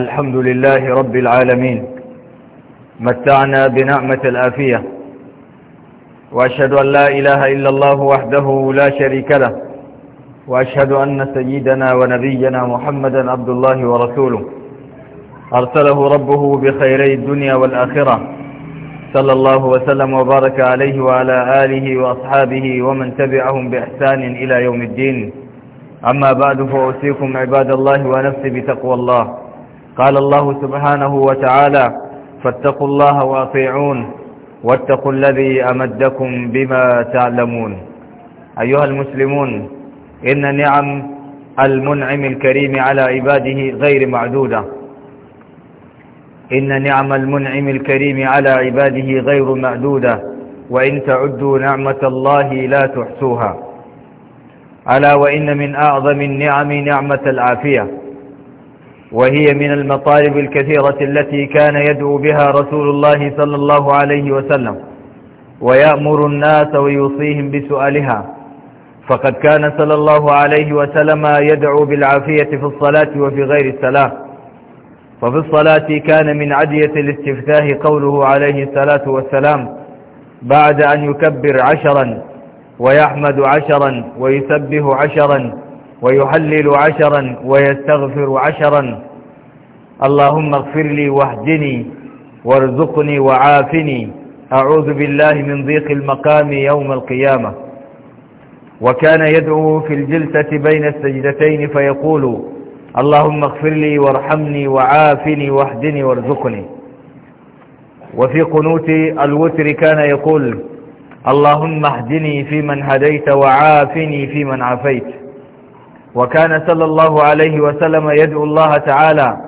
الحمد لله رب العالمين متعنا بنعمة الآفية وأشهد أن لا إله إلا الله وحده لا شريك له وأشهد أن سيدنا ونبينا محمدا عبد الله ورسوله أرسله ربه بخيري الدنيا والآخرة صلى الله وسلم وبارك عليه وعلى آله وأصحابه ومن تبعهم بإحسان إلى يوم الدين أما بعد فأوصيكم عباد الله ونفسي بتقوى الله قال الله سبحانه وتعالى فاتقوا الله واطيعون واتقوا الذي أمدكم بما تعلمون أيها المسلمون إن نعم المنعم الكريم على عباده غير معدودة إن نعم المنعم الكريم على عباده غير معدودة وإن تعدوا نعمة الله لا تحصوها ألا وإن من أعظم النعم نعمة العافية وهي من المطالب الكثيرة التي كان يدعو بها رسول الله صلى الله عليه وسلم ويأمر الناس ويوصيهم بسؤالها فقد كان صلى الله عليه وسلم يدعو بالعافية في الصلاة وفي غير الصلاة وفي الصلاة كان من عدية الاستفتاح قوله عليه الصلاة والسلام بعد أن يكبر عشرا ويحمد عشرا ويسبه عشرا ويحلل عشرا ويستغفر عشرا اللهم اغفر لي واهدني وارزقني وعافني أعوذ بالله من ضيق المقام يوم القيامة وكان يدعو في الجلسة بين السجدتين فيقول اللهم اغفر لي وارحمني وعافني واهدني وارزقني وفي قنوت الوتر كان يقول اللهم اهدني فيمن هديت وعافني فيمن عفيت وكان صلى الله عليه وسلم يدعو الله تعالى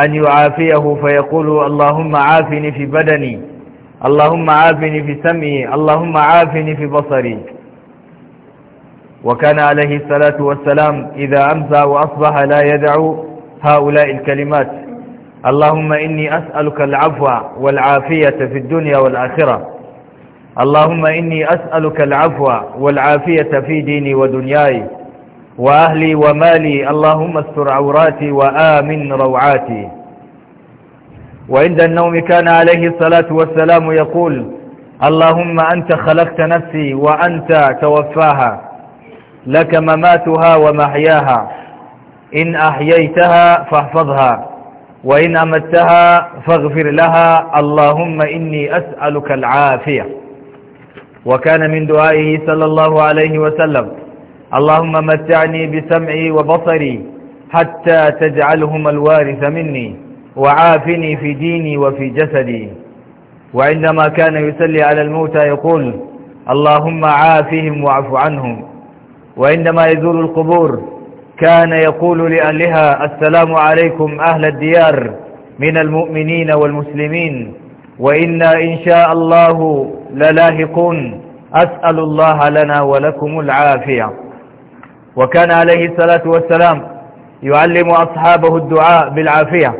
أن يعافيه فيقول اللهم عافني في بدني اللهم عافني في سمعي اللهم عافني في بصري وكان عليه الصلاة والسلام إذا أمسى وأصبح لا يدع هؤلاء الكلمات اللهم إني أسألك العفو والعافية في الدنيا والآخرة اللهم إني أسألك العفو والعافية في ديني ودنياي وأهلي ومالي اللهم استر عوراتي وآمن روعاتي وعند النوم كان عليه الصلاة والسلام يقول اللهم أنت خلقت نفسي وأنت توفاها لك مماتها ومحياها إن أحييتها فاحفظها وإن أمتها فاغفر لها اللهم إني أسألك العافية وكان من دعائه صلى الله عليه وسلم اللهم متعني بسمعي وبصري حتى تجعلهما الوارث مني وعافني في ديني وفي جسدي وعندما كان يسلي على الموتى يقول اللهم عافهم واعف عنهم وعندما يزور القبور كان يقول لأهلها السلام عليكم أهل الديار من المؤمنين والمسلمين وإنا إن شاء الله للاهقون أسأل الله لنا ولكم العافية وكان عليه الصلاة والسلام يعلم أصحابه الدعاء بالعافية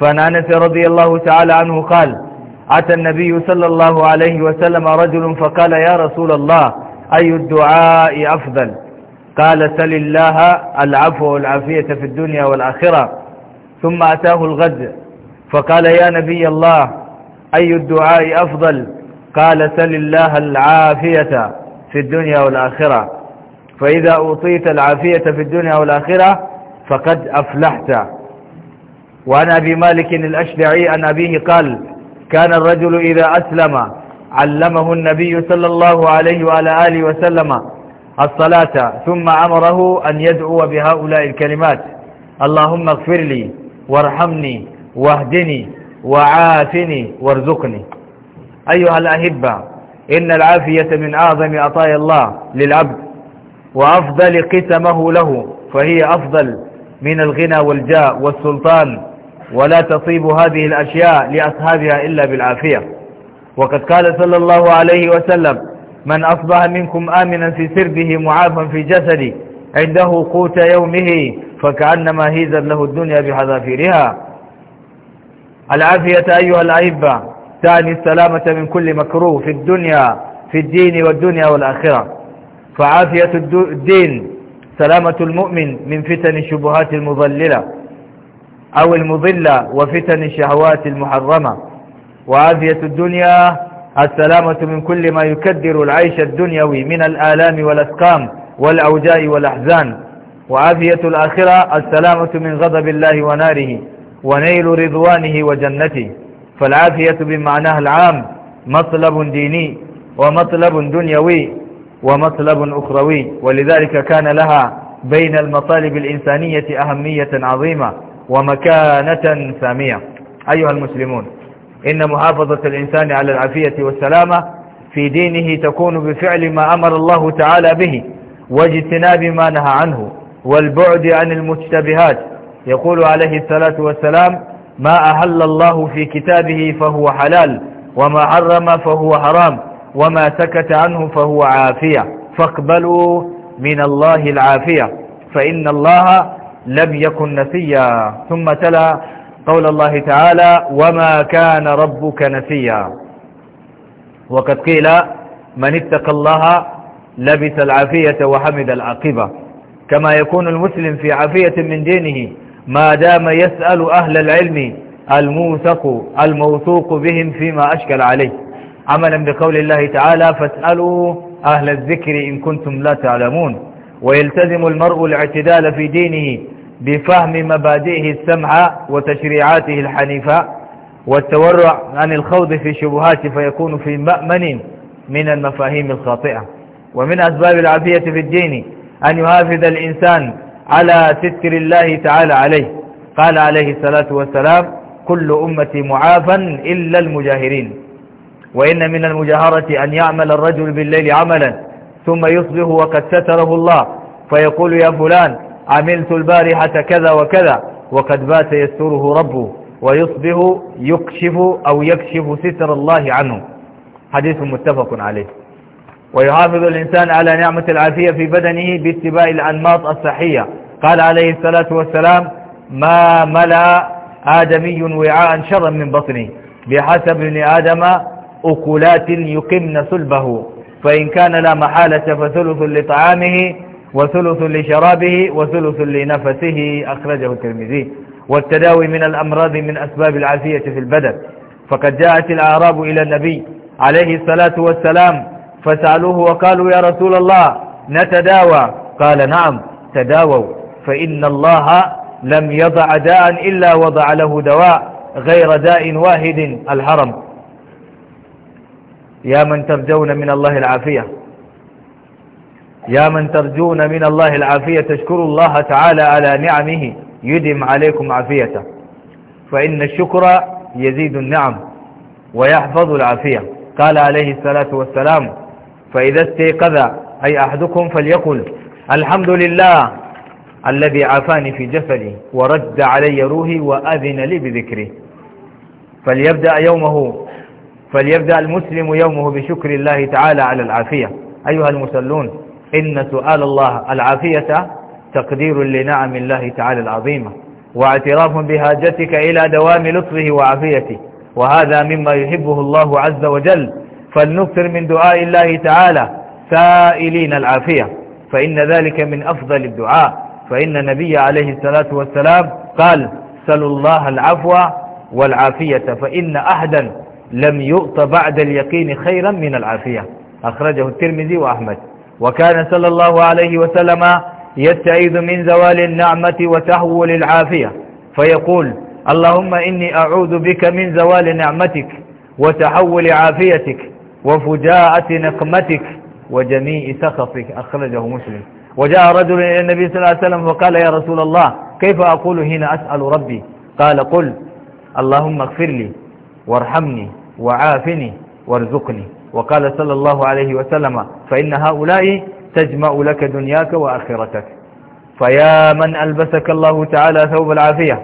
فعن أنس رضي الله تعالى عنه قال أتى النبي صلى الله عليه وسلم رجل فقال يا رسول الله أي الدعاء أفضل قال سل الله العفو والعافية في الدنيا والآخرة ثم أتاه الغد فقال يا نبي الله أي الدعاء أفضل قال سل الله العافية في الدنيا والآخرة فإذا أوطيت العافية في الدنيا والآخرة فقد أفلحت وعن أبي مالك الأشدعي عن أبيه قال كان الرجل إذا أسلم علمه النبي صلى الله عليه وعلى آله وسلم الصلاة ثم أمره أن يدعو بهؤلاء الكلمات اللهم اغفر لي وارحمني واهدني وعافني وارزقني أيها الأهبة إن العافية من أعظم عطايا الله للعبد وأفضل قسمه له فهي أفضل من الغنى والجاء والسلطان ولا تصيب هذه الأشياء لأصحابها إلا بالعافية وقد قال صلى الله عليه وسلم من أصبح منكم آمنا في سربه معافا في جسده عنده قوت يومه فكأنما هيزت له الدنيا بحذافيرها العافية أيها الأحبة تعني السلامة من كل مكروه في الدنيا في الدين والدنيا والآخرة فعافية الدين سلامة المؤمن من فتن الشبهات المضللة أو المضلة وفتن الشهوات المحرمة وعافية الدنيا السلامة من كل ما يكدر العيش الدنيوي من الآلام والأسقام والأوجاء والأحزان وعافية الآخرة السلامة من غضب الله وناره ونيل رضوانه وجنته فالعافية بمعناها العام مطلب ديني ومطلب دنيوي ومطلب أخروي ولذلك كان لها بين المطالب الإنسانية أهمية عظيمة ومكانة سامية أيها المسلمون إن محافظة الإنسان على العافية والسلامة في دينه تكون بفعل ما أمر الله تعالى به واجتناب ما نهى عنه والبعد عن المشتبهات يقول عليه الصلاة والسلام ما أهل الله في كتابه فهو حلال وما حرم فهو حرام وما سكت عنه فهو عافية فاقبلوا من الله العافية فإن الله لم يكن نسيا ثم تلا قول الله تعالى وما كان ربك نسيا وقد قيل من اتقى الله لبس العافية وحمد العاقبة كما يكون المسلم في عافية من دينه ما دام يسأل أهل العلم الموثق الموثوق بهم فيما أشكل عليه عملا بقول الله تعالى فاسألوا أهل الذكر إن كنتم لا تعلمون ويلتزم المرء الاعتدال في دينه بفهم مبادئه السمعة وتشريعاته الحنيفة والتورع عن الخوض في الشبهات فيكون في مأمن من المفاهيم الخاطئة ومن أسباب العافية في الدين أن يحافظ الإنسان على ستر الله تعالى عليه قال عليه الصلاة والسلام كل أمتي معافا إلا المجاهرين وإن من المجاهرة أن يعمل الرجل بالليل عملا ثم يصبح وقد ستره الله فيقول يا فلان عملت البارحة كذا وكذا وقد بات يستره ربه ويصبح يكشف أو يكشف ستر الله عنه حديث متفق عليه ويحافظ الإنسان على نعمة العافية في بدنه باتباع الأنماط الصحية قال عليه الصلاة والسلام ما ملأ آدمي وعاء شرا من بطنه بحسب ابن آدم أكلات يقمن صلبه فإن كان لا محالة فثلث لطعامه وثلث لشرابه وثلث لنفسه أخرجه الترمذي والتداوي من الأمراض من أسباب العافية في البدن فقد جاءت الأعراب إلى النبي عليه الصلاة والسلام فسألوه وقالوا يا رسول الله نتداوى قال نعم تداووا فإن الله لم يضع داء إلا وضع له دواء غير داء واحد الحرم يا من ترجون من الله العافية يا من ترجون من الله العافية تشكروا الله تعالى على نعمه يدم عليكم عافيته فإن الشكر يزيد النعم ويحفظ العافية قال عليه الصلاة والسلام فإذا استيقظ أي أحدكم فليقل الحمد لله الذي عافاني في جسدي ورد علي روحي وأذن لي بذكره فليبدأ يومه فليبدأ المسلم يومه بشكر الله تعالى على العافية أيها المسلون إن سؤال الله العافية تقدير لنعم الله تعالى العظيمة واعتراف بهاجتك إلى دوام لطفه وعافيته وهذا مما يحبه الله عز وجل فلنكثر من دعاء الله تعالى سائلين العافية فإن ذلك من أفضل الدعاء فإن النبي عليه الصلاة والسلام قال سلوا الله العفو والعافية فإن أحدا لم يؤت بعد اليقين خيرا من العافية أخرجه الترمذي وأحمد وكان صلى الله عليه وسلم يستعيذ من زوال النعمة وتحول العافية فيقول اللهم إني أعوذ بك من زوال نعمتك وتحول عافيتك وفجاءة نقمتك وجميع سخطك أخرجه مسلم وجاء رجل إلى النبي صلى الله عليه وسلم وقال يا رسول الله كيف أقول هنا أسأل ربي قال قل اللهم اغفر لي وارحمني وعافني وارزقني وقال صلى الله عليه وسلم فإن هؤلاء تجمع لك دنياك وآخرتك فيا من ألبسك الله تعالى ثوب العافية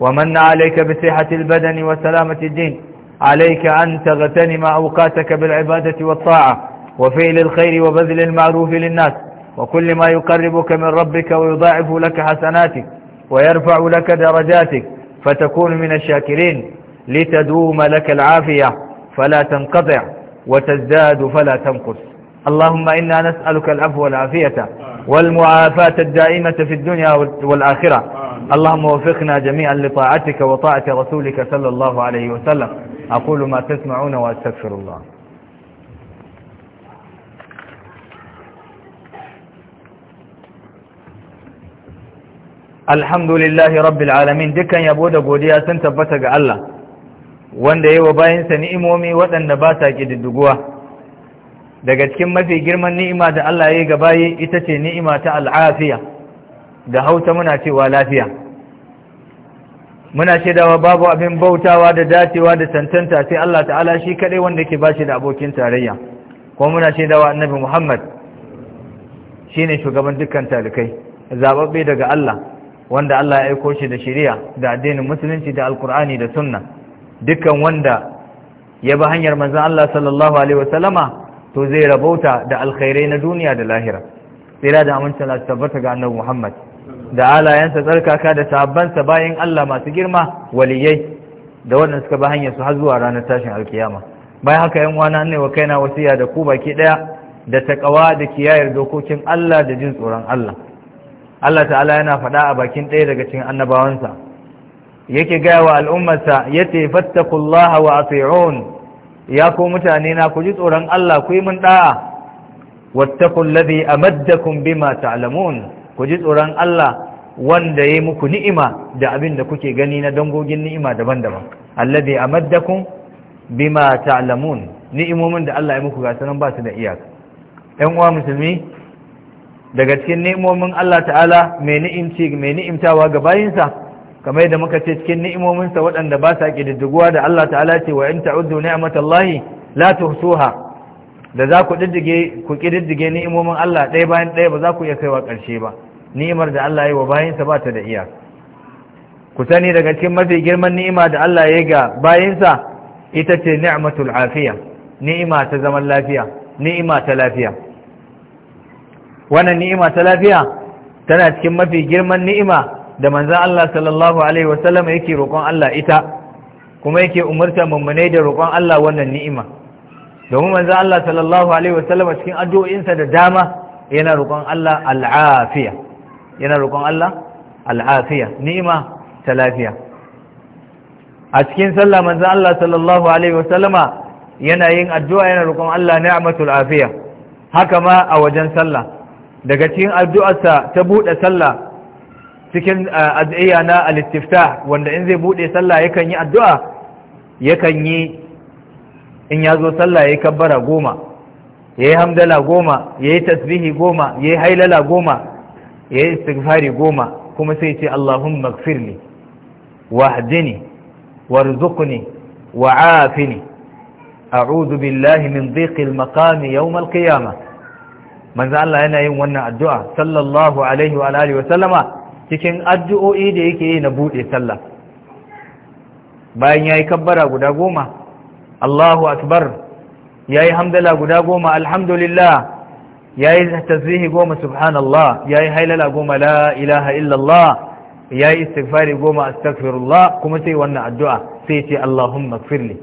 ومن عليك بصحة البدن وسلامة الدين عليك أن تغتنم أوقاتك بالعبادة والطاعة وفعل الخير وبذل المعروف للناس وكل ما يقربك من ربك ويضاعف لك حسناتك ويرفع لك درجاتك فتكون من الشاكرين لتدوم لك العافية فلا تنقطع وتزداد فلا تنقص اللهم إنا نسألك العفو والعافية والمعافاة الدائمة في الدنيا والآخرة اللهم وفقنا جميعا لطاعتك وطاعة رسولك صلى الله عليه وسلم أقول ما تسمعون وأستغفر الله الحمد لله رب العالمين دكا da بوديا سنتبتك الله wanda yawa bayansa ni'imomi waɗanda ba sa ƙididdiguwa daga cikin mafi girman ni'ima da Allah ya yi gaba ita ce ni'ima ta al'afiya da hauta muna cewa lafiya muna shaidawa babu abin bautawa da dacewa da tantanta sai Allah ta'ala shi kaɗai wanda ke ba shi da abokin tarayya kuma muna shaidawa annabi Muhammad shi ne shugaban dukkan talikai zaɓaɓɓe daga Allah wanda Allah ya aiko shi da shari'a da addinin musulunci da alkur'ani da sunna Dukkan wanda ya bi hanyar manzan Allah sallallahu alaihi wasallama to zai rabauta da alkhairai na duniya da lahira tsira da amincin Allah tabbata ga annabi Muhammad da alayensa tsarkaka da sahabbansa bayan Allah masu girma waliyai da waɗanda suka bi hanyar su har zuwa ranar tashin alkiyama bayan haka yan wani ne wa kaina wasiya da ku baki daya da takawa da kiyayar dokokin Allah da jin tsoron Allah Allah ta'ala yana faɗa a bakin ɗaya daga cikin annabawansa yake gaya wa al'ummarsa ya ce fattakullaha wa ati'un ya ko mutane na ku ji tsoron Allah ku yi mun da'a wattakul ladhi bi mata ta'lamun ku ji tsoron Allah wanda yayi muku ni'ima da abin da kuke gani na dangogin ni'ima daban-daban alladhi bi mata ta'lamun ni'imomin da Allah ya muku ga sanan ba su da iyaka yan uwa musulmi daga cikin ni'imomin Allah ta'ala mai ni'imtawa ga bayinsa kamar yadda muka ce cikin ni'imominsa waɗanda ba sa ƙididdiguwa da Allah ta'ala ce wa in ta'uddu ni'matallahi la tuhsuha da za ku diddige ku ƙididdige ni'imomin Allah ɗaya bayan ɗaya ba za ku iya kaiwa ƙarshe ba ni'imar da Allah ya yi wa bayinsa ba ta da iya ku sani daga cikin mafi girman ni'ima da Allah ya ga bayinsa ita ce ni'matul afiya ni'ima ta zaman lafiya ni'ima ta lafiya wannan ni'ima ta lafiya tana cikin mafi girman ni'ima da manzan Allah sallallahu alaihi wasallam yake roƙon Allah ita kuma yake umarta mummune da roƙon Allah wannan ni'ima domin manzan Allah sallallahu alaihi wasallam cikin addu'o'insa da dama yana roƙon Allah al'afiya yana roƙon Allah al'afiya ni'ima ta lafiya a cikin sallah manzan Allah sallallahu alaihi wasallama yana yin addu'a yana roƙon Allah ni'matul afiya haka ma a wajen sallah daga cikin addu'arsa ta buɗe sallah cikin addu'a na al wanda in zai bude sallah yakan yi addu'a yakan yi in ya zo sallah yayi kabbara goma yayi hamdala goma yayi tasbihi goma yayi hailala goma yayi istighfari goma kuma sai ce Allahumma ighfirli wahdini warzuqni wa'afini a'udhu billahi min dhiqil maqami yawm al-qiyamah manzo Allah yana yin wannan addu'a sallallahu alaihi wa alihi wa sallama cikin addu'o'i da yake yi na buɗe sallah bayan ya yi kabbara guda goma Allahu akbar ya yi hamdala guda goma alhamdulillah ya yi tasbihi goma subhanallah ya yi hailala goma la ilaha illallah ya yi istighfari goma astaghfirullah kuma sai wannan addu'a sai ce Allahumma firli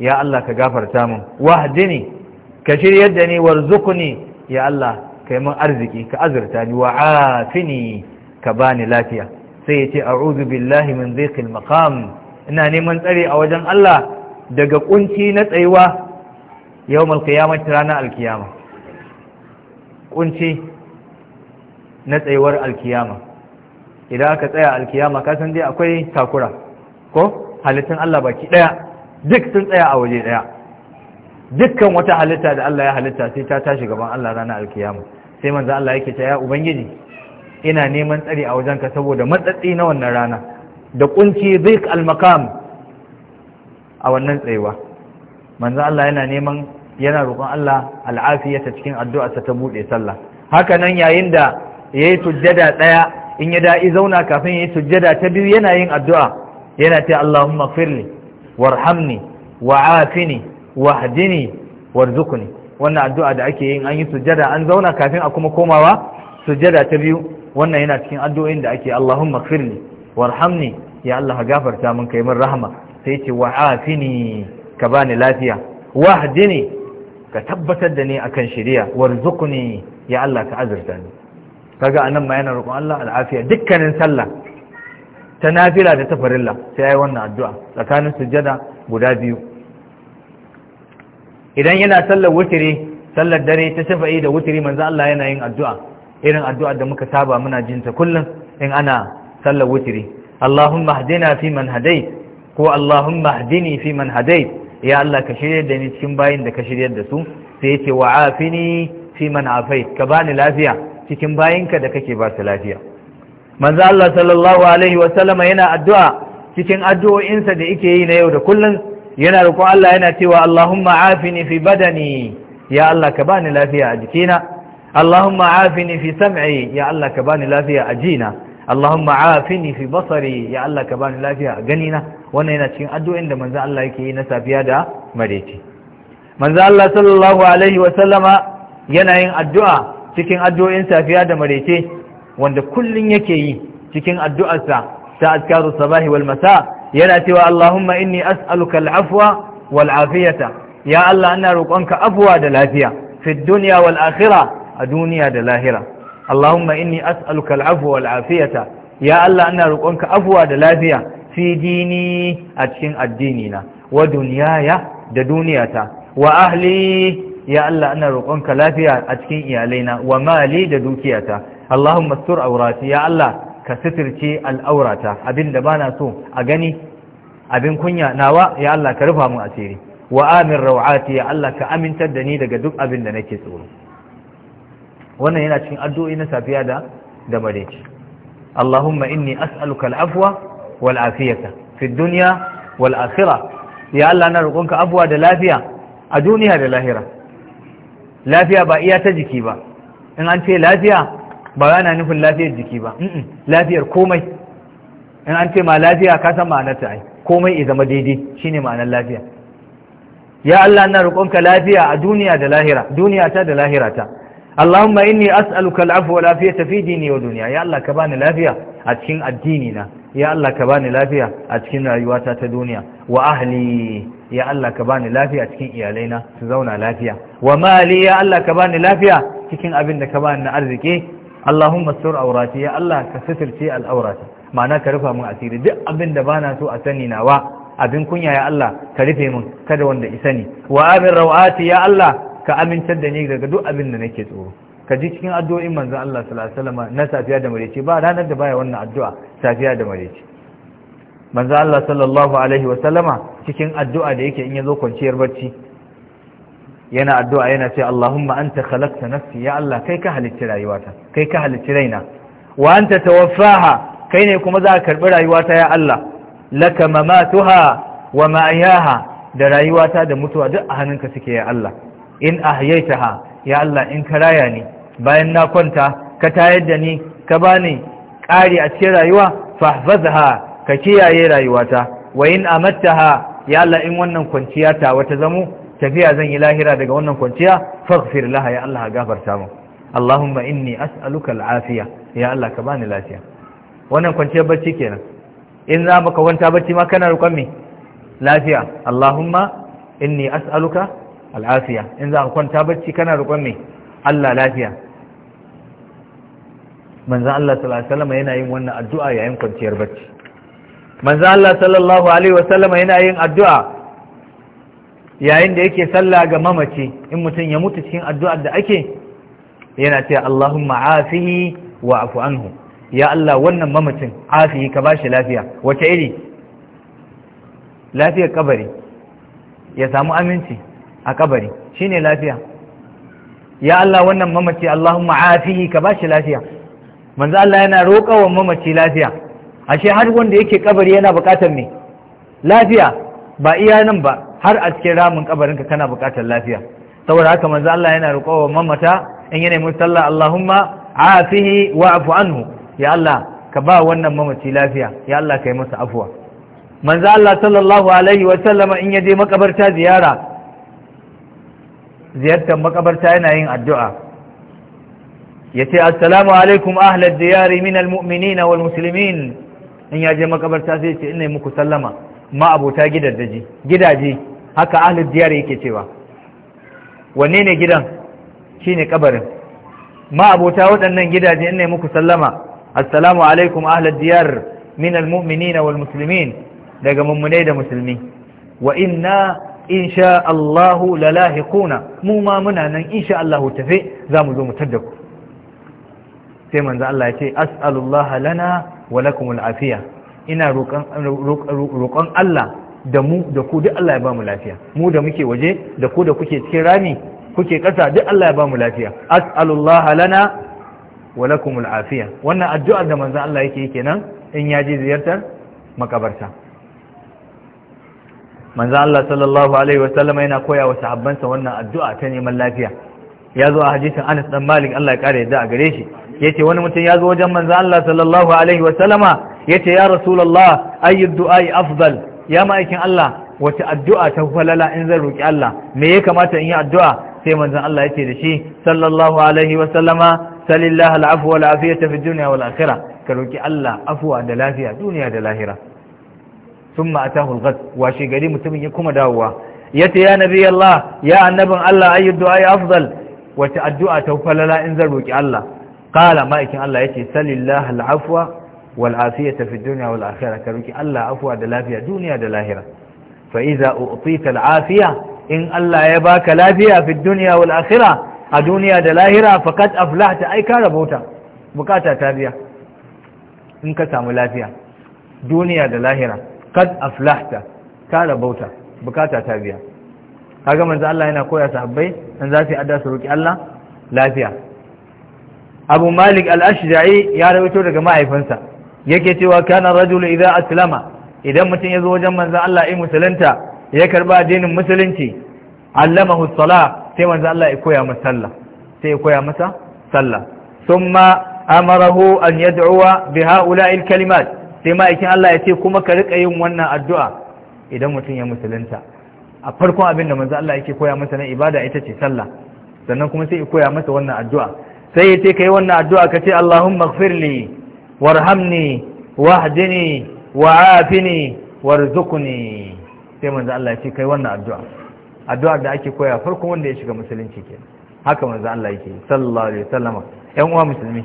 ya Allah ka gafarta min ni ka shiryar da ni warzuqni ya Allah kai mun arziki ka azurta ni wa ka bani lafiya sai ya ce a'udhu billahi min dhiqil maqam ina neman tsare a wajen Allah daga kunci na tsayuwa yawmal qiyamati rana alkiyama kunci na tsayuwar alkiyama idan aka tsaya alkiyama ka san dai akwai takura ko halittun Allah baki daya duk sun tsaya a waje daya dukkan wata halitta da Allah ya halitta sai ta tashi gaban Allah ranar alkiyama sai manzo Allah yake ta ya ubangiji ina neman tsari a wajenka saboda matsatsi na wannan rana da kunci zik almakam a wannan tsayuwa manzo Allah yana neman yana roƙon Allah al'afiyata cikin addu'arsa ta buɗe sallah haka nan yayin da yayi sujjada ɗaya in ya da'i zauna kafin yayi sujjada ta biyu yana yin addu'a yana ta Allahumma firli warhamni wa'afini wahdini warzuqni wannan addu'a da ake yin an yi sujjada an zauna kafin a kuma komawa sujjada ta biyu wannan yana cikin addu'o'in da ake Allahumma firni warhamni ya Allah gafarta min kai min rahama, sai ce wa'afini ka bani lafiya wahdini ka tabbatar da ni akan shari'a warzuqni ya Allah ka azurta ni kaga anan ma yana roƙon Allah al'afiya dukkanin sallah ta nafila da ta farilla sai yayi wannan addu'a tsakanin sujjada guda biyu idan yana sallar wutiri sallar dare ta shafa'i da wutiri manzo Allah yana yin addu'a irin addu'ar da muka saba muna jinta kullum in ana sallar wutiri Allahumma hadina fi man hadait ko Allahumma hadini fi man ya Allah ka shiryar da ni cikin bayin da ka shiryar da su sai yace wa afini fi man afait ka bani lafiya cikin bayinka da kake ba su lafiya manzo Allah sallallahu alaihi wa sallama yana addu'a cikin addu'o'insa da ike yi na yau da kullum yana roƙon Allah yana cewa Allahumma afini fi badani ya Allah ka bani lafiya a jikina اللهم عافني في سمعي يا الله كباني لا فيها أجينا اللهم عافني في بصري يا الله كباني لا فيها أجنينا وانا هنا تشين أدو عند من ذا الله يكي نسافي هذا مريتي من ذا الله صلى الله عليه وسلم ينعين الدعاء تكين أدو إنسا في هذا مريتي وان كل يكي تكين الدعاء تأذكار الصباح والمساء ينأتي اللهم إني أسألك العفو والعافية يا الله أنا رقمك أفوى دلافية في الدنيا والآخرة a duniya da lahira Allahumma inni as'aluka al'afwa wal afiyata ya Allah ina roƙonka afwa da lafiya fi dini a cikin addini na wa duniyaya da duniyata wa ahli ya Allah ina roƙonka lafiya a cikin iyalaina wa mali da dukiyata Allahumma sur aurati ya Allah ka sitirce al'aurata abinda bana so a gani abin kunya nawa ya Allah ka rufa mun asiri wa amin rawati ya Allah ka amintar da ni daga duk abin da nake tsoro wannan yana cikin addu'o'i na safiya da da mareci Allahumma inni as'aluka al'afwa wal afiyata fi dunya wal akhirah ya Allah na roƙonka afwa da lafiya a duniya da lahira lafiya ba iya ta jiki ba in an ce lafiya ba yana nufin lafiyar jiki ba lafiyar komai in an ce ma lafiya ka san ma'anar ta ai komai ya zama daidai shine ma'anar lafiya ya Allah na roƙonka lafiya a duniya da lahira duniya ta da lahira ta Allahumma inni as'aluka al'afwa wal afiyata fi ya Allah ka bani lafiya a cikin addini na ya Allah ka bani lafiya a cikin rayuwata ta duniya wa ahli ya Allah ka bani lafiya cikin iyalaina su zauna lafiya wa mali ya Allah ka bani lafiya cikin abin da ka bani na arziki Allahumma sur aurati ya Allah ka sitirce al'aurata ma'ana ka rufa min asiri duk abinda bana so a sani nawa abin kunya ya Allah ka rufe min kada wanda isani wa amin rawati ya Allah ka amintar da ni daga duk abin da nake tsoro ka ji cikin addu'o'in manzon Allah sallallahu alaihi wasallam na safiya da mareci ba ranar da baya wannan addu'a safiya da mareci manzon Allah sallallahu alaihi wasallam cikin addu'a da yake in yazo kwanciyar barci yana addu'a yana cewa Allahumma anta khalaqta nafsi ya Allah kai ka halicci rayuwata kai ka halicci raina wa anta tawaffaha kai ne kuma za ka karbi rayuwata ya Allah laka mamatuha wa ma'ayaha da rayuwata da mutuwa duk a hannunka suke ya Allah in ahyaitaha ya Allah in ka raya ni bayan na kwanta ka tayar da ni ka bani ƙari a cikin rayuwa fahfazha ka kiyaye rayuwata wa in amattaha ya Allah in wannan kwanciya ta wata zamo tafiya zan yi lahira daga wannan kwanciya faghfir laha ya Allah gafarta mu Allahumma inni as'aluka al'afiya ya Allah ka bani lafiya wannan kwanciyar bacci kenan in za mu ka kwanta bacci ma kana roƙon me lafiya Allahumma inni as'aluka al'afiya in za a kwanta bacci kana roƙon me Allah lafiya manzon Allah sallallahu alaihi wasallam yana yin wannan addu'a yayin kwanciyar bacci manzon Allah sallallahu alaihi wasallam yana yin addu'a yayin da yake salla ga mamaci in mutum ya mutu cikin addu'ar da ake yana ce Allahumma afihi wa afu anhu ya Allah wannan mamacin afihi ka bashi lafiya wace iri lafiyar kabari ya samu aminci a kabari shine lafiya ya Allah wannan mamaci Allahumma afihi ka bashi lafiya manzo Allah yana roƙa wa mamaci lafiya ashe har wanda yake kabari yana buƙatar me lafiya ba iya nan ba har a cikin ramin kabarinka kana buƙatar lafiya saboda haka manzo Allah yana roƙa wa mamata in yana mu sallah Allahumma afihi wa afu anhu ya Allah ka ba wannan mamaci lafiya ya Allah ka yi masa afuwa manzo Allah sallallahu alaihi wa sallama in yaje makabarta ziyara ziyartar makabarta yana yin addu'a ya ce assalamu alaikum ahlar diyari min almu'minina wal muslimin in ya je makabarta sai ce ina muku sallama ma abota gidaje gidaje haka ahlar diyari yake cewa wanne ne gidan shine kabarin ma abota waɗannan gidaje ina muku sallama assalamu alaikum ahlar diyar min almu'minina wal muslimin daga mummunai da musulmi wa inna insha Allahu lalahikuna mu ma muna nan sha Allahu tafe za mu zo mu tadda ku sai manzo Allah ya ce as'alullaha lana wa lakum al'afiya ina roƙon Allah da mu da ku duk Allah ya ba mu lafiya mu da muke waje da ku da kuke cikin rami kuke ƙasa duk Allah ya ba mu lafiya as'alullaha lana wa lakum al'afiya wannan addu'ar da manzo Allah yake kenan in ya je ziyartar makabarta manzo Allah sallallahu alaihi wasallam yana koya wa sahabbansa wannan addu'a ta neman lafiya ya zo a hadisin Anas dan Malik Allah ya kare yadda a gare shi yace wani mutum ya zo wajen manzo Allah sallallahu alaihi wasallama yace ya rasulullah ayyu du'ai afdal ya ma'aikin Allah wace addu'a ta falala in zan roki Allah me ya kamata in yi addu'a sai manzo Allah yace da shi sallallahu alaihi wasallama salillahi al-afwa wal afiyata fid dunya wal akhirah ka roki Allah afwa da lafiya duniya da lahira thumma atahu al-ghad washe gari mutumin ya kuma dawowa yace ya nabi Allah ya annabin Allah ayu du'a ya afdal wace addu'a ta falala in zan roki Allah qala ma'aikin Allah yace salillah al-afwa wal afiyata fi dunya wal akhirah ka roki Allah afwa da lafiya duniya da lahira fa idza u'tita al-afiya in Allah ya baka lafiya fi dunya a duniya da lahira faqad ai ka rabota ta biya in ka samu lafiya duniya da lahira kad aflahta ka bauta bukata ta biya kaga manzo Allah yana koya sahabbai dan za su adda su roki Allah lafiya Abu Malik al-Ashja'i ya rawaito daga mahaifinsa yake cewa kana rajulu idza aslama idan mutum ya zo wajen manzo Allah ya musulunta ya karba addinin musulunci allamahu as-salah sai manzo Allah ya koya masa sallah sai ya koya masa sallah thumma amarahu an yad'uwa bi ha'ula'i al-kalimat sai ma'aikin Allah ya ce kuma ka riƙa yin wannan addu'a idan mutum ya musulunta a farkon abin da manzo Allah yake koya masa na ibada ita ce sallah sannan kuma sai ya koya masa wannan addu'a sai ya ce kai wannan addu'a ka ce Allahumma ighfirli warhamni wahdini wa'afini warzuqni sai manzo Allah ya ce kai wannan addu'a addu'a da ake koya farkon wanda ya shiga musulunci ke, haka manzo Allah yake sallallahu alaihi wasallam ƴan uwa musulmi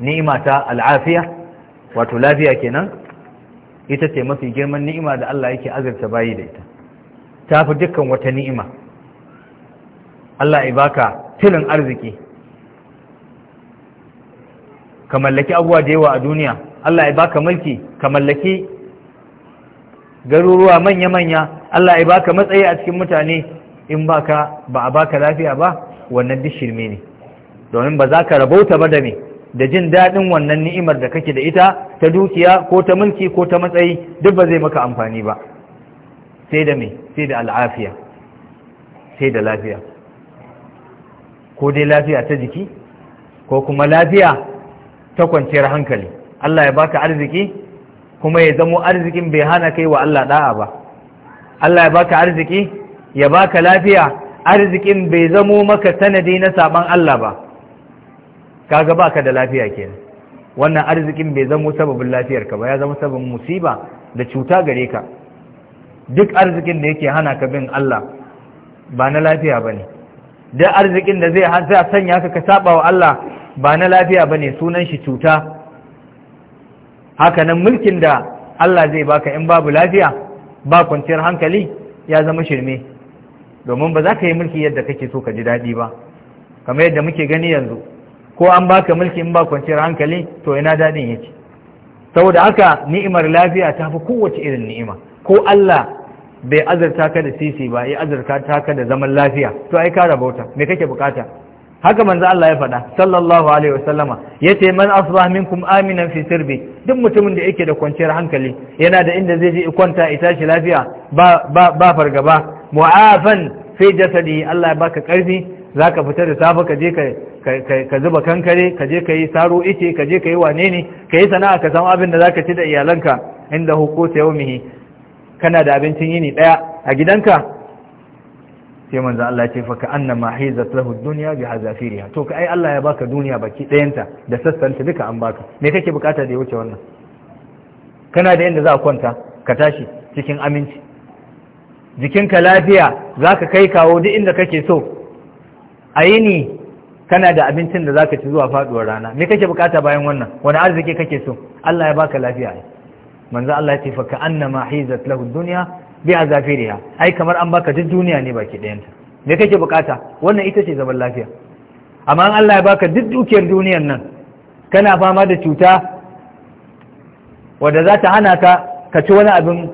ni'imata al'afiya wato lafiya kenan ita ce mafi girman ni'ima da Allah yake azurta bayi da ita ta fi dukkan wata ni'ima Allah ya baka tilin arziki ka mallaki abubuwa da yawa a duniya Allah ya baka mulki ka mallaki garuruwa manya-manya Allah ya baka matsayi a cikin mutane in baka ba a baka lafiya ba wannan duk ne domin ba za ka rabauta ba da me da jin daɗin wannan ni'imar da kake da ita ta dukiya ko ta mulki ko ta matsayi duk ba zai maka amfani ba sai da me sai da al'afiya sai da lafiya ko dai lafiya ta jiki ko kuma lafiya ta kwanciyar hankali Allah ya baka arziki kuma ya zamo arzikin bai hana kai wa Allah da'a ba Allah ya baka arziki ya baka lafiya arzikin bai zamo maka sanadi na saban Allah ba kaga baka da lafiya kenan wannan arzikin bai zama sababin lafiyarka ba ya zama sababin musiba da cuta gare ka duk arzikin da yake hana ka bin Allah ba na lafiya bane duk arzikin da zai sanya ka ka saba wa Allah ba na lafiya bane sunan shi cuta hakanan mulkin da Allah zai baka in babu lafiya ba kwanciyar hankali ya zama shirme domin ba za ka yi mulki yadda kake so ka ji daɗi ba kamar yadda muke gani yanzu ko an baka mulki in ba kwanciyar hankali to ina daɗin yake saboda haka ni'imar lafiya ta fi kowace irin ni'ima ko Allah bai azurta ka da sisi ba ya azurta ka da zaman lafiya to ai ka rabauta me kake bukata haka manzo Allah ya faɗa sallallahu alaihi wasallama yace man asbah minkum aminan fi sirbi duk mutumin da yake da kwanciyar hankali yana da inda zai je kwanta ya tashi lafiya ba ba ba fargaba mu'afan fi jasadi Allah ya baka karfi zaka fita da safe ka je ka ka zuba kankare ka je ka yi saro ice ka je ka yi wane ne ka yi sana'a ka samu abin da za ka ci da iyalanka inda ta yau mihi kana da abincin yini daya a gidanka sai manzan Allah ce faka anna ma haizat lahu duniya bi hazafiriya to ka ai Allah ya baka duniya baki ɗayanta da sassanta duka an baka me kake bukata da ya wuce wannan kana da yadda za a kwanta ka tashi cikin aminci jikinka lafiya za ka kai kawo duk inda kake so a yini kana da abincin da zaka ci zuwa faduwar rana me kake bukata bayan wannan wani arziki kake so Allah ya baka lafiya manzo Allah ya ce fa ka'annama hizat lahu dunya bi azafiriha ai kamar an baka duk duniya ne baki ɗayanta me kake bukata wannan ita ce zaman lafiya amma an Allah ya baka duk dukiyar duniyar nan kana fama da cuta wanda za ta hana ka ka ci wani abin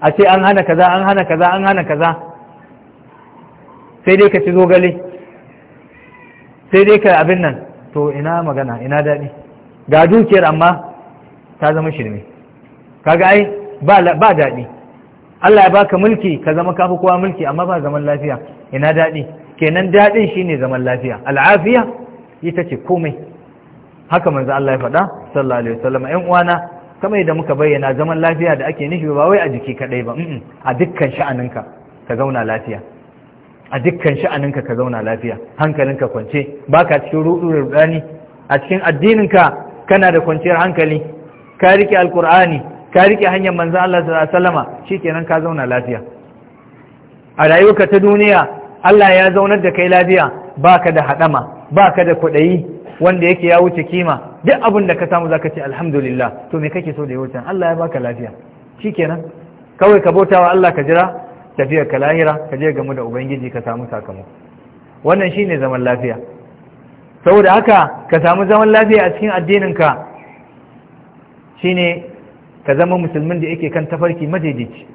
a ce an hana kaza an hana kaza an hana kaza sai dai ka ci zogale sai dai ka abin nan to ina magana ina daɗi ga dukiyar amma ta zama shirme kaga ai ba daɗi Allah ya baka mulki ka zama kafi kowa mulki amma ba zaman lafiya ina daɗi kenan daɗin shine zaman lafiya al'afiya ita ce komai haka manzo Allah ya faɗa sallallahu alaihi wasallam ƴan uwana kamar da muka bayyana zaman lafiya da ake nufi ba wai a jiki kadai ba a dukkan sha'aninka ka zauna lafiya a dukkan sha'aninka ka zauna lafiya hankalinka kwance ba ka cikin rudu da rudani a cikin addininka kana da kwanciyar hankali ka rike alkur'ani ka rike hanyar manzan Allah sallallahu alaihi wasallama shikenan ka zauna lafiya a rayuwarka ta duniya Allah ya zaunar da kai lafiya baka da hadama baka da kudayi wanda yake ya wuce kima duk abin da ka samu zaka ce alhamdulillah to me kake so da yawancin Allah ya baka lafiya shikenan kawai ka bautawa Allah ka jira tafiyar ka lahira ka je gamu da ubangiji ka samu sakamako wannan shine zaman lafiya saboda haka ka samu zaman lafiya a cikin addininka shine ka zama musulmin da yake kan tafarki madaidaici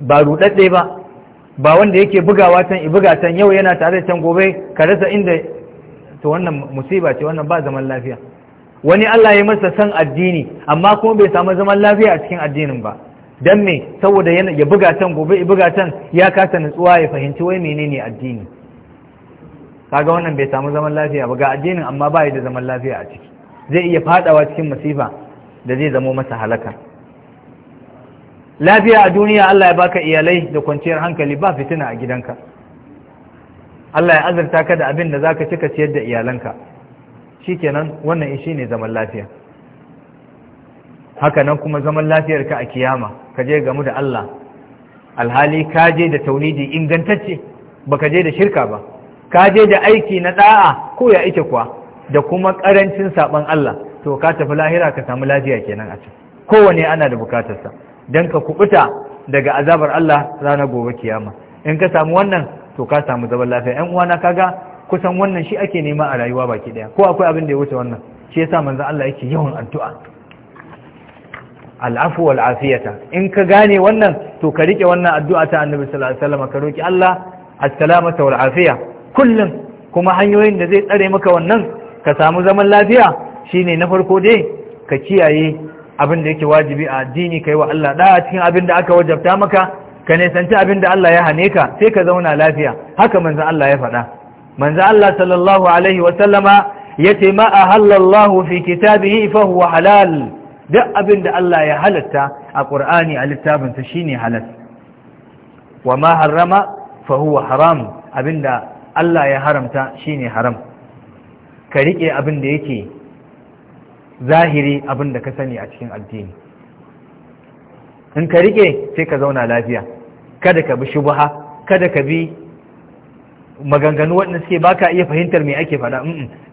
ba rudadde ba ba wanda yake bugawa can i buga can yau yana tare can gobe ka rasa inda to wannan musiba ce wannan ba zaman lafiya wani Allah ya masa san addini amma kuma bai samu zaman lafiya a cikin addinin ba dan me saboda ya buga can gobe ya buga can ya kasa nutsuwa ya fahimci wai menene addini kaga wannan bai samu zaman lafiya ba ga addinin amma ba da zaman lafiya a ciki zai iya fadawa cikin masifa da zai zamo masa halaka lafiya a duniya Allah ya baka iyalai da kwanciyar hankali ba fitina a gidanka Allah ya azurta ka da abin da zaka cika ciyar da iyalanka shikenan wannan shi ne zaman lafiya haka nan kuma zaman lafiyarka a kiyama ka je gamu da Allah alhali ka je da tauhidi ingantacce ka je da shirka ba ka je da aiki na da'a ko ya ita kuwa da kuma karancin saban Allah to ka tafi lahira ka samu lafiya kenan a can kowane ana da bukatarsa don ka kubuta daga azabar Allah ranar gobe kiyama in ka samu wannan to ka samu zaman lafiya yan uwana ga kusan wannan shi ake nema a rayuwa baki ɗaya? ko akwai abin da ya wuce wannan shi yasa manzon Allah yake yawan addu'a al'afu wal afiyata in ka gane wannan to ka rike wannan addu'a ta annabi sallallahu alaihi ka roki Allah as-salamata wal afiya kullum kuma hanyoyin da zai tsare maka wannan ka samu zaman lafiya shine na farko dai ka kiyaye abin da yake wajibi a addini kai wa Allah da cikin abin da aka wajabta maka ka nisanci abin da Allah ya hane ka sai ka zauna lafiya haka manzo Allah ya faɗa manzo Allah sallallahu alaihi wasallama yace ma ahallallahu fi kitabihi fa huwa halal duk abin da Allah ya halatta a ƙur'ani a littafinsa shine halas wa ma harama fa huwa haram abin da Allah ya haramta shine haram ka riƙe abin da yake zahiri abin da ka sani a cikin addini in ka riƙe sai ka zauna lafiya kada ka bi shubaha kada ka bi maganganu waɗanda suke baka iya fahimtar me ake faɗa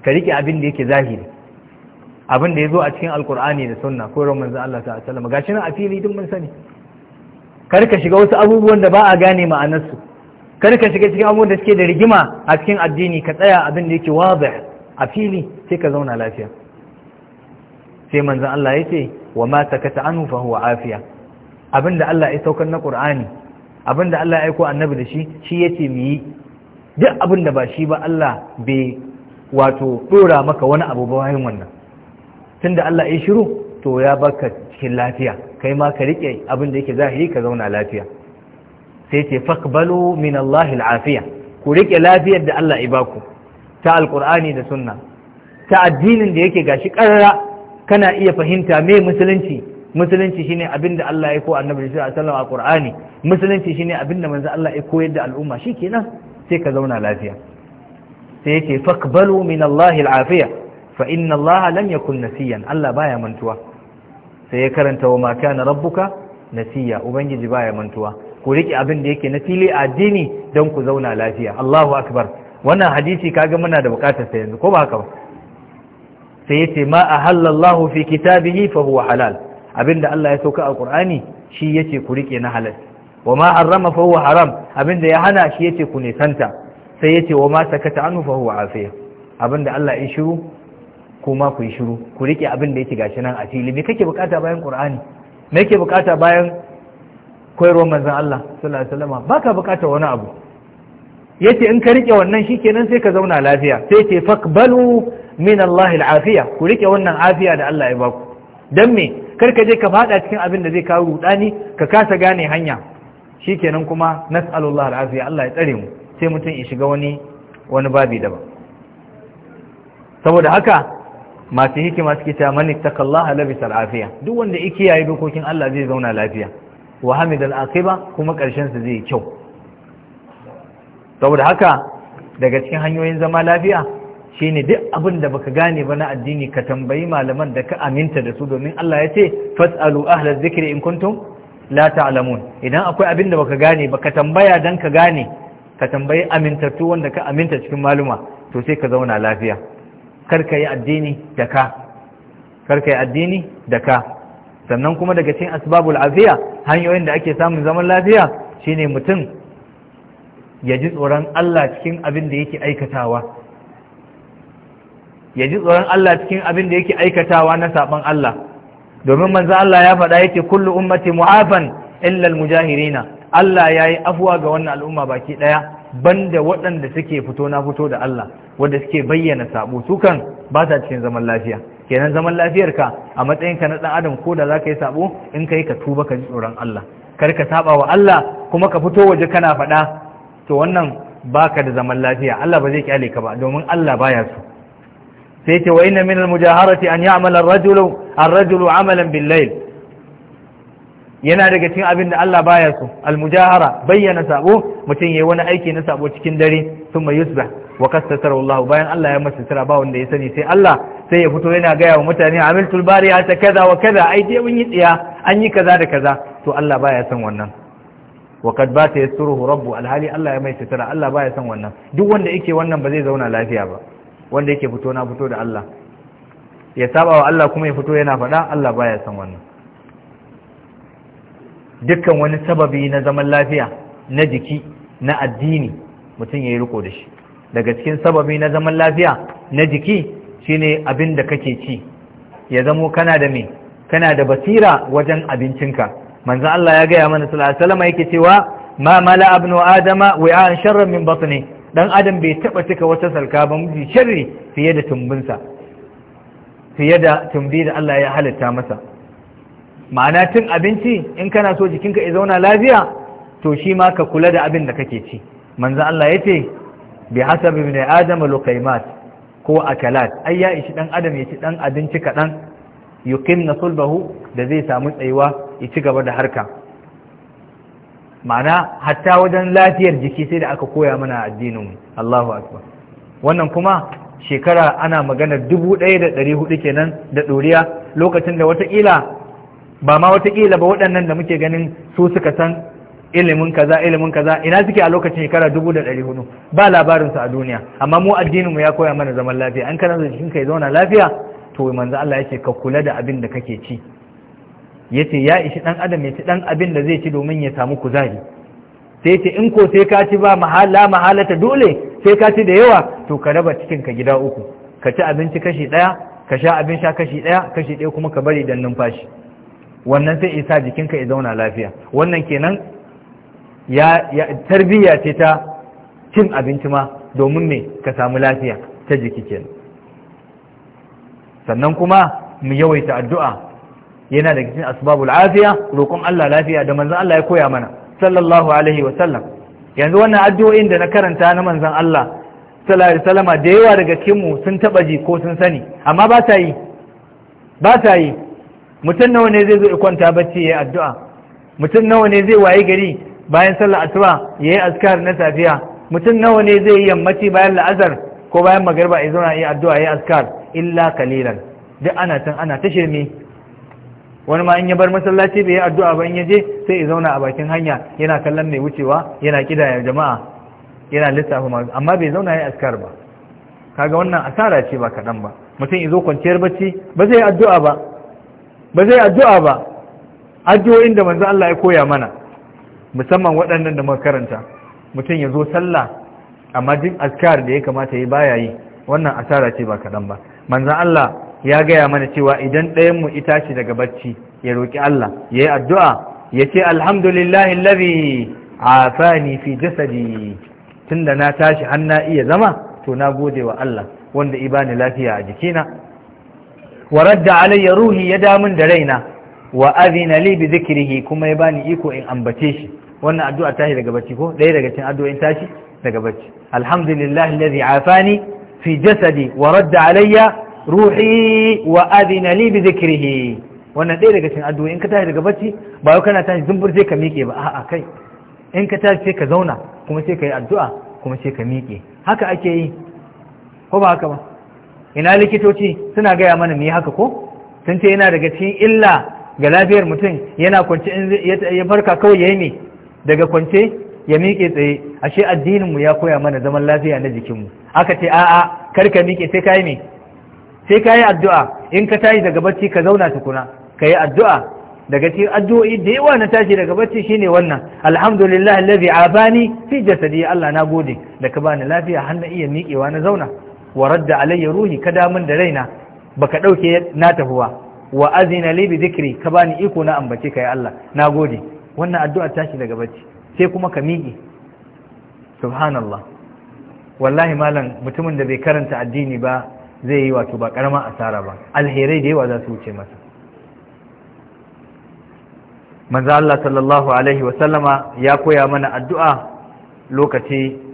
ka riƙe abin da yake zahiri abin da ya zo a cikin alkur'ani da sunna ko ran manzon Allah ta sallama gashi nan a fili duk mun sani kar ka shiga wasu abubuwan da ba a gane ma'anarsu kar ka shiga cikin abubuwan da suke da rigima a cikin addini ka tsaya abin da yake wazih a fili sai ka zauna lafiya sai manzan Allah ya ce wa ma takata anhu fa huwa afiya abin da Allah ya saukar na Qur'ani abin da Allah ya aiko annabi da shi shi yace mu yi duk abin da ba shi ba Allah bai wato dora maka wani abu ba wannan da Allah ya shiru to ya baka cikin lafiya kai ma ka rike abin da yake zahiri ka zauna lafiya sai ce faqbalu min Allah al'afiya ku rike lafiyar da Allah ya baku ta alqur'ani da sunna ta addinin da yake gashi karara kana iya fahimta me musulunci musulunci shine abin da Allah ya ko annabi sallallahu alaihi wasallam a qur'ani musulunci shine abin da manzo Allah ya koyar da al'umma shikenan sai ka zauna lafiya sai yake faqbalu min Allah al'afiya fa inna allaha lam yakun nasiyan Allah baya mantuwa sai ya karanta wa ma kana rabbuka nasiya ubangiji baya mantuwa ku rike abin da yake na fili addini don ku zauna lafiya Allahu akbar wannan hadisi kaga muna da bukatar sa yanzu ko ba haka ba sai yace ma ahallallahu fi kitabihi fa huwa halal abinda Allah ya sauka a Qur'ani shi yace ku rike na halal wa ma harrama fa huwa haram abinda ya hana shi yace ku nisanta sai yace wa ma sakata anhu fa huwa afiya abinda Allah ya shiru kuma ku yi shiru ku rike abin da yake gashi nan a fili me kake bukata bayan qur'ani me kake bukata bayan koyarwar manzon Allah sallallahu alaihi wasallam baka bukata wani abu yace in ka rike wannan shikenan sai ka zauna lafiya sai ce faqbalu min Allah al-afiya ku rike wannan afiya da Allah ya baku dan me kar ka je ka fada cikin abin da zai kawo rudani ka kasa gane hanya shikenan kuma nas'alullah al-afiya Allah ya tsare mu sai mutum ya shiga wani wani babi daban saboda haka masu hikima suke ta mani takallaha labisal afiya duk wanda ya yayi dokokin Allah zai zauna lafiya wa hamidal aqiba kuma karshen sa zai kyau saboda haka daga cikin hanyoyin zama lafiya shine duk abin da baka gane ba na addini ka tambayi malaman da ka aminta da su domin Allah ya ce fasalu ahla dhikri in kuntum la ta'lamun idan akwai abin da baka gane baka tambaya dan ka gane ka tambayi amintattu wanda ka aminta cikin maluma to sai ka zauna lafiya karka yi addini da ka karka yi addini da ka sannan kuma daga cikin asbabul afiya hanyoyin da ake samun zaman lafiya shine mutum ya ji tsoron Allah cikin abin da yake aikatawa ya ji tsoron Allah cikin abin da yake aikatawa na saban Allah domin manzo Allah ya faɗa yake kullu ummati mu'afan illa al mujahirin Allah yayi afwa ga wannan al'umma baki daya banda waɗanda suke fito na fito da Allah wanda suke bayyana sabo su kan ba ta cikin zaman lafiya kenan zaman lafiyar ka a matsayin ka na dan adam ko da zaka yi sabo in kai ka tuba ka ji tsoron Allah kar ka saba wa Allah kuma ka fito waje kana faɗa to wannan baka da zaman lafiya Allah ba zai kyale ka ba domin Allah baya so sai ce wa inna min al-mujaharati an ya'mala ar-rajulu ar-rajulu amalan bil-layl yana daga cikin abin da Allah baya so almujahara bayyana sabo mutum yayi wani aiki na sabo cikin dare thumma yusbah wa kastatar Allah bayan Allah ya masa tara ba wanda ya sani sai Allah sai ya fito yana gaya wa mutane amiltul ta kaza wa kaza ai dai mun yi tsiya an yi kaza da kaza to Allah baya son wannan wa kad bata yasuruhu rabbu alhali Allah ya mai tara Allah baya son wannan duk wanda yake wannan ba zai zauna lafiya ba wanda yake fito na fito da Allah ya saba wa Allah kuma ya fito yana faɗa Allah baya son wannan dukkan wani sababi na zaman lafiya na jiki na addini mutum ya yi riko da shi daga cikin sababi na zaman lafiya na jiki shine abin da kake ci ya zamo kana da me kana da basira wajen abincinka manzo Allah ya gaya mana sallallahu alaihi wasallam yake cewa ma mala abnu adama an sharra min batni dan adam bai taba cika wata salka ba miji sharri fiye da tumbinsa fiye da tumbi da Allah ya halitta masa ma'ana cin abinci in kana so jikinka ya zauna lafiya to shi ma ka kula da abin da kake ci manzan Allah ya ce bi hasab ibn adam luqaymat ko akalat ai ya ishi dan adam ya ci dan abinci kadan yuqim nasulbahu da zai samu tsayuwa ya ci gaba da harka ma'ana hatta wajen lafiyar jiki sai da aka koya mana addinin Allahu akbar wannan kuma shekara ana magana dubu ɗaya da ɗari hudu kenan da doriya lokacin da watakila ba ma watakila ba waɗannan da muke ganin su suka san ilimin kaza ilimin kaza ina suke a lokacin shekara dubu da ɗari hudu ba labarin su a duniya amma mu addinin mu ya koya mana zaman lafiya an kana jikin ka ya zauna lafiya to manzo Allah yake ka kula da abin da kake ci yace ya ishi dan adam ya ci dan abin da zai ci domin ya samu kuzari sai ce in ko sai ka ci ba mahala mahalata dole sai ka ci da yawa to ka raba cikin ka gida uku ka ci abinci kashi ɗaya ka sha abin sha kashi ɗaya kashi ɗaya kuma ka bari dan numfashi wannan sai isa jikinka ya zauna lafiya wannan kenan ya tarbiyya ce ta cin abinci ma domin me ka samu lafiya ta jiki kenan sannan kuma mu yawaita addu'a yana da cikin asbabul afiya roƙon Allah lafiya da manzon Allah ya koya mana sallallahu alaihi wa sallam yanzu wannan addu'o'in da na karanta na manzon Allah sallallahu alaihi wasallama da yawa daga cikin mu sun taba ji ko sun sani amma ba ta yi ba ta yi mutum nawa ne zai zo kwanta bacci ya yi addu'a mutum nawa ne zai wayi gari bayan sallah asuba ya yi askar na safiya mutum nawa ne zai yi yammaci bayan la'azar ko bayan magarba ya zauna ya yi addu'a ya yi askar illa kalilan duk ana tun ana ta shirme wani ma in ya bar masallaci bai yi addu'a ba in ya je sai ya zauna a bakin hanya yana kallon mai wucewa yana kidaya jama'a yana lissafa masu amma bai zauna ya yi askar ba kaga wannan asara ce ba kaɗan ba mutum zo kwanciyar bacci ba zai yi addu'a ba ba zai addu'a ba addu'o'in da manzo Allah ya koya mana musamman waɗannan da muka mutum ya zo sallah amma duk azkar da ya kamata ya baya yi wannan asara ce ba kaɗan ba manzan Allah ya gaya mana cewa idan ɗayan mu ita ce daga bacci ya roƙi Allah ya yi addu'a ya ce alhamdulillahi labi afani fi jasadi tunda na tashi an na iya zama to na gode wa Allah wanda ibani lafiya a jikina wa radda alayya ruhi ya damun da raina wa azina li bi zikrihi kuma ya bani iko in ambace shi wannan addu'a tashi daga bacci ko ɗaya daga cikin addu'o'in tashi daga bacci alhamdulillahi alladhi afani fi jasadi wa radda alayya ruhi wa azina li bi zikrihi wannan ɗaya daga cikin addu'o'in ka tashi daga bacci ba yau kana tashi zumbur sai ka miƙe ba a'a kai in ka tashi sai ka zauna kuma sai ka yi addu'a kuma sai ka miƙe haka ake yi ko ba haka ba ina likitoci suna gaya mana mu haka ko sun ce yana daga cikin illa ga lafiyar mutum yana kwance in ya farka kawai yayi ne daga kwance ya miƙe tsaye ashe addinin mu ya koya mana zaman lafiya na jikin mu aka ce a'a kar ka miƙe sai kai ne sai kai addu'a in ka tashi daga bacci ka zauna tukuna yi addu'a daga cikin addu'o'i da yawa na tashi daga bacci shine wannan alhamdulillah allazi bani. fi jasadi Allah na gode da ka bani lafiya har na iya miƙewa na zauna wa radda alayya ruhi ka damun da raina baka dauke na tafuwa wa azina li bi dhikri ka bani iko na ambace kai Allah nagode wannan addu'a ta tashi daga bacci sai kuma ka miƙe subhanallah wallahi malam mutumin da bai karanta addini ba zai yi wato ba karama asara ba alherai da yawa za su wuce masa manzo Allah sallallahu alaihi wa sallama ya koya mana addu'a lokaci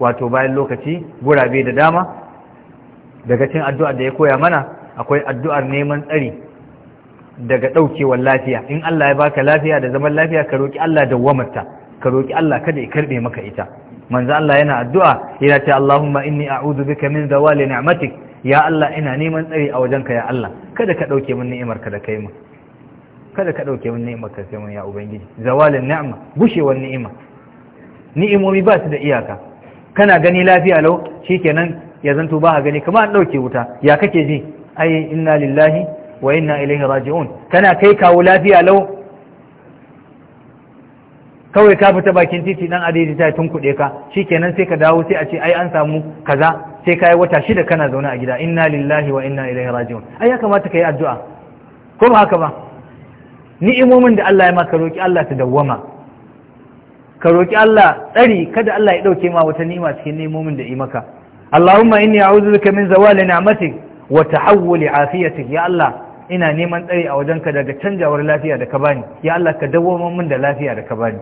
wato bayan lokaci gurabe da dama daga cin addu'ar da ya koya mana akwai addu'ar neman tsari daga ɗaukewar lafiya in Allah ya baka lafiya da zaman lafiya ka roƙi Allah dawwamarta ka roƙi Allah kada ya karɓe maka ita manzo Allah yana addu'a yana ce Allahumma inni a'udhu bika min zawali ni'matik ya Allah ina neman tsari a wajenka ya Allah kada ka ɗauke min ni'imar ka da kai kada ka ɗauke min ni'imar ka sai mun ya ubangiji zawalin ni'ma gushewar ni'ima ni'imomi ba su da iyaka kana gani lafiya lau kenan ya zanto ba ka gani kamar an ɗauke wuta ya kake ji ai inna lillahi wa inna ilaihi raji'un kana kai kawo lafiya lau kawai ka fita bakin titi dan adadi ta tun kuɗe ka kenan sai ka dawo sai a ce ai an samu kaza sai kai wata shida kana zaune a gida inna lillahi wa inna ilaihi raji'un ai ya kamata kai addu'a ko ba haka ba ni'imomin da Allah ya maka roki Allah ta dawwama ka roƙi Allah tsari kada Allah ya ɗauke ma wata ni'ima cikin nemomin da yi maka Allahumma inni a'udhu bika min zawali ni'matik wa tahawuli afiyatik ya Allah ina neman tsari a wajenka daga canjawar lafiya da ka bani ya Allah ka dawo min da lafiya da ka bani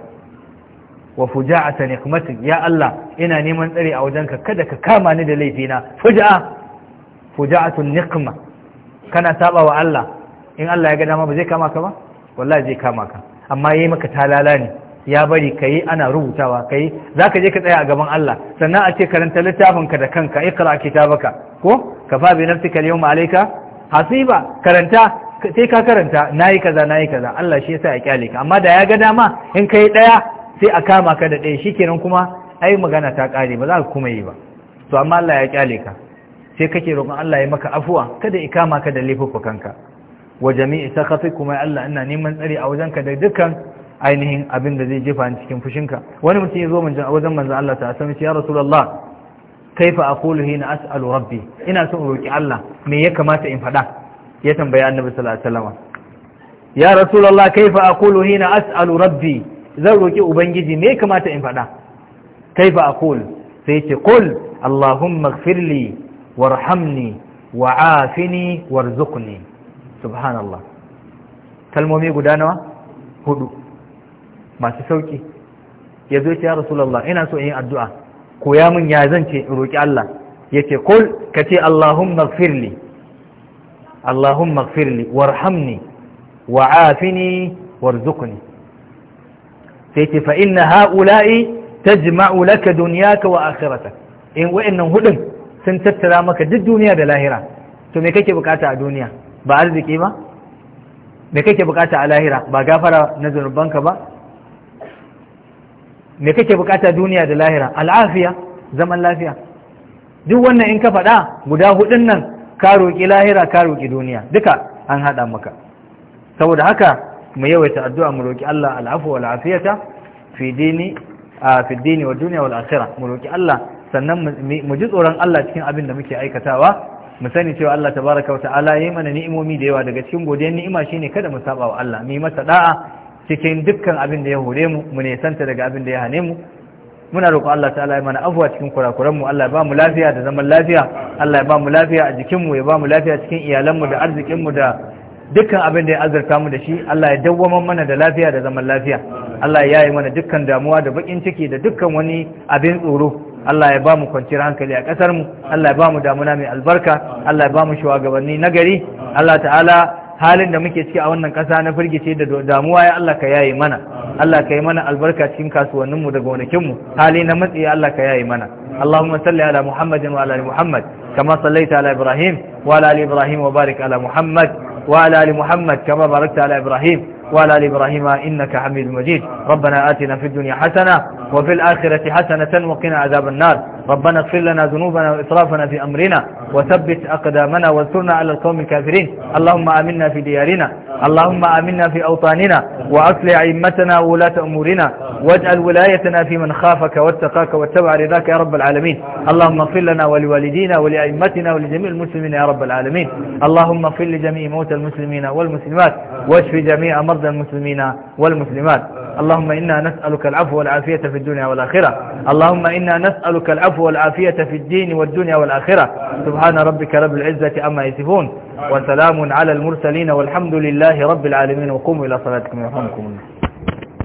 wa fuja'ata niqmatik ya Allah ina neman tsari a wajenka kada ka kama ni da laifina fuja'a fuja'atu niqma kana saba wa Allah in Allah ya ga dama ba zai kama ka ba wallahi zai kama ka amma yayi maka talala ne ya bari ka yi ana rubutawa ka yi za ka je ka tsaya a gaban Allah sannan a ce karanta littafinka da kanka ya ikra kitabaka ko ka fa bi nafsika al alayka hasiba karanta sai ka karanta nayi kaza nayi kaza Allah shi yasa ya kyale ka amma da ya ga dama in ka yi daya sai a kama ka da daya shikenan kuma ai magana ta kare ba za ka kuma yi ba to amma Allah ya kyale ka sai kake roƙon Allah ya maka afuwa kada ya kama ka da laifuffukanka wa jami'i ya Allah ina neman tsari a wajenka da dukkan ainihin abin da zai jefa cikin fushinka wani mutum ya zo wajen manzan Allah ta asami ya rasu rasulullah kaifa aqulu hina as'alu rabbi ina son roki Allah me ya kamata in faɗa ya tambaya annabi sallallahu alaihi wasallam ya rasu rasulullah kaifa aqulu hina as'alu rabbi zan roki ubangiji me ya kamata in faɗa kaifa aqul sai ce qul allahumma ighfirli warhamni wa'afini warzuqni subhanallah kalmomi guda nawa hudu masu sauki ya zo ya rasulullah ina so in yi addu'a koya min ya ce in roki Allah yace kul kace allahumma firli allahumma firli warhamni wa'afini warzuqni sai ce fa inna ha'ula'i tajma'u laka dunyaka wa akhiratak in wa'annan hudun sun tattara maka duk duniya da lahira to me kake bukata a duniya ba arziki ba me kake bukata a lahira ba gafara na zunubanka ba me kake bukata duniya da lahira al'afiya zaman lafiya duk wannan in ka faɗa guda hudun nan ka roƙi lahira ka roƙi duniya duka an haɗa maka saboda haka mu yawaita addu'a mu roƙi Allah al'afu wal afiyata fi dini a fi dini wa duniya wal akhirah mu roƙi Allah sannan mu ji tsoron Allah cikin abin da muke aikatawa mu sani cewa Allah tabaraka wa ta'ala yayi mana ni'imomi da yawa daga cikin godiyar ni'ima shine kada mu saba wa Allah mu yi masa da'a cikin dukkan abin da ya hore mu mu ne santa daga abin da ya hane mu muna roƙo Allah ta'ala ya mana afuwa cikin kurakuranmu Allah ya ba mu lafiya da zaman lafiya Allah ya ba mu lafiya a jikinmu ya ba mu lafiya cikin iyalanmu da arzikinmu da dukkan abin da ya azurta mu da shi Allah ya dawwama mana da lafiya da zaman lafiya Allah ya yi mana dukkan damuwa da bakin ciki da dukkan wani abin tsoro Allah ya ba mu kwanciyar hankali a ƙasarmu Allah ya ba mu damuna mai albarka Allah ya ba mu shugabanni nagari Allah ta'ala halin da muke ciki a wannan ƙasa na firgice da damuwa ya Allah ka yaye mana Allah ka yi mana albarka cikin kasuwanninmu daga gonakinmu hali na matsi Allah ka yaye mana Allahumma salli ala Muhammadin wa ala Muhammad kama sallaita ala Ibrahim wa ala ali Ibrahim wa barik ala Muhammad wa ala ali Muhammad kama barakta ala Ibrahim وعلى آل إبراهيم إنك حميد مجيد ربنا آتنا في الدنيا حسنة وفي الآخرة حسنة وقنا عذاب النار ربنا اغفر لنا ذنوبنا وإسرافنا في أمرنا وثبت أقدامنا وانصرنا على القوم الكافرين اللهم آمنا في ديارنا اللهم آمنا في أوطاننا وأصلح أئمتنا وولاة أمورنا واجعل ولايتنا في من خافك واتقاك واتبع رضاك يا رب العالمين اللهم اغفر لنا ولوالدينا ولأئمتنا ولجميع المسلمين يا رب العالمين اللهم اغفر لجميع موتى المسلمين والمسلمات واشف جميع مرضى المسلمين والمسلمات اللهم إنا نسألك العفو والعافية في الدنيا والآخرة اللهم إنا نسألك العفو والعافية في الدين والدنيا والآخرة سبحان ربك رب العزة أما يسفون وسلام على المرسلين والحمد لله رب العالمين وقوموا إلى صلاتكم ورحمكم الله